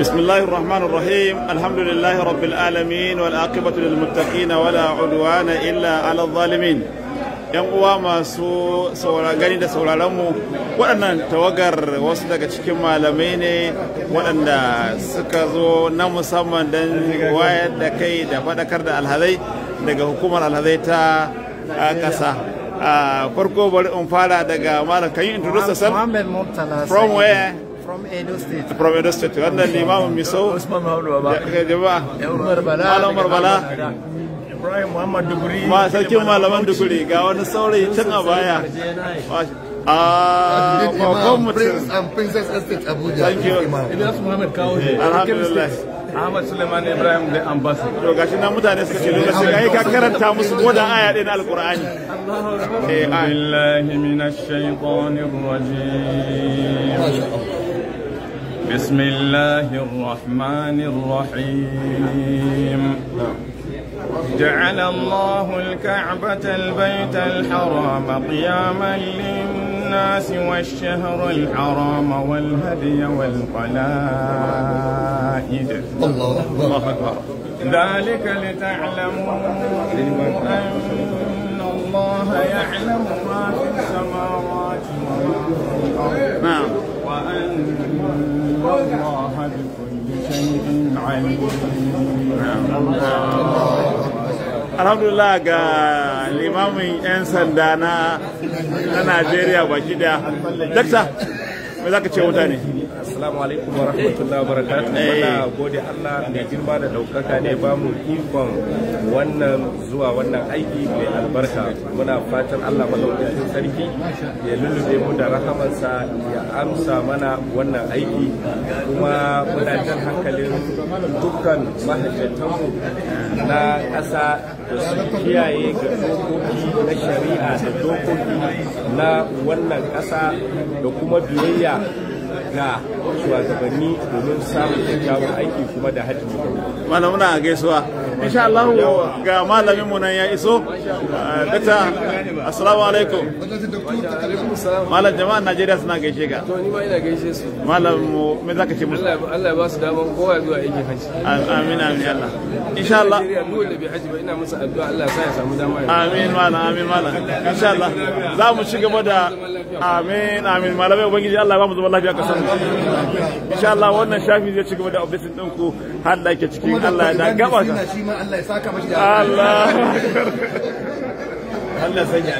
بسم الله الرحمن الرحيم الحمد لله رب العالمين والعاقبة للمتقين ولا عدوان إلا على الظالمين yan uwa masu gani da sauraronmu waɗannan tawagar wasu daga cikin malamai ne waɗanda suka zo na musamman don wayar da kai da faɗakar da alhazai daga hukumar alhazai ta ƙasa farko bari in fara daga malam kan yi introduce from where from Edo State. From Edo State. then Imam Miso. Osman Mahmoud Baba. Yeah, Umar Bala. Malam Umar Bala. Ibrahim Muhammad Duguri. Ma sarkin malaman Duguri ga wani saurayi can baya. Ah, welcome Prince and Princess Estate Abuja. Thank you. Ilyas Muhammad Alhamdulillah. Ahmad Suleiman Ibrahim the Ambassador. gashi na mutane suka ce lokaci ga karanta musu aya Allahu eh, بسم الله الرحمن الرحيم جعل الله الكعبة البيت الحرام قياما للناس والشهر الحرام والهدي والقلائد الله أكبر ذلك لتعلموا أن الله يعلم ما في السماوات وما alhamdulillah ga limamin 'yan sanda na najeriya baki daya dakta me zaka ce wuta ne assalamu alaikum wa rahmatullahi wa barakatuh eh. muna gode Allah mai girma da daukaka ne ba mu ikon wannan zuwa wannan aiki mai albarka muna fatan Allah madaukakin sarki ya lullube mu da rahamansa ya amsa mana wannan aiki kuma muna jan hankalin dukkan mahajjatanmu na ƙasa da su kiyaye ga dokoki na shari'a da dokoki na wannan ƙasa da kuma biyayya ga shugabanni domin samun kyakkyawan aiki kuma da hajji muna gaisuwa insha Allah ga malamin mu nan ya iso ah, dakta assalamu alaikum malam jama'an Najeriya suna gaishe ka to ni ma ina gaishe su malam mu me zaka ce musu Allah ya ba su daman kowa zuwa aikin haji amin amin Allah insha Allah dole bi haji ba ina musu addu'a Allah ya samu dama amin malam amin malam insha Allah za mu ci gaba da amin amin malamai ubangiji Allah ya ba mu lafiya ka san insha Allah wannan shafi zai ci gaba da updating ɗinku har da ke cikin Allah ya da gaba Allah ya saka mashi da Allah Allah sanya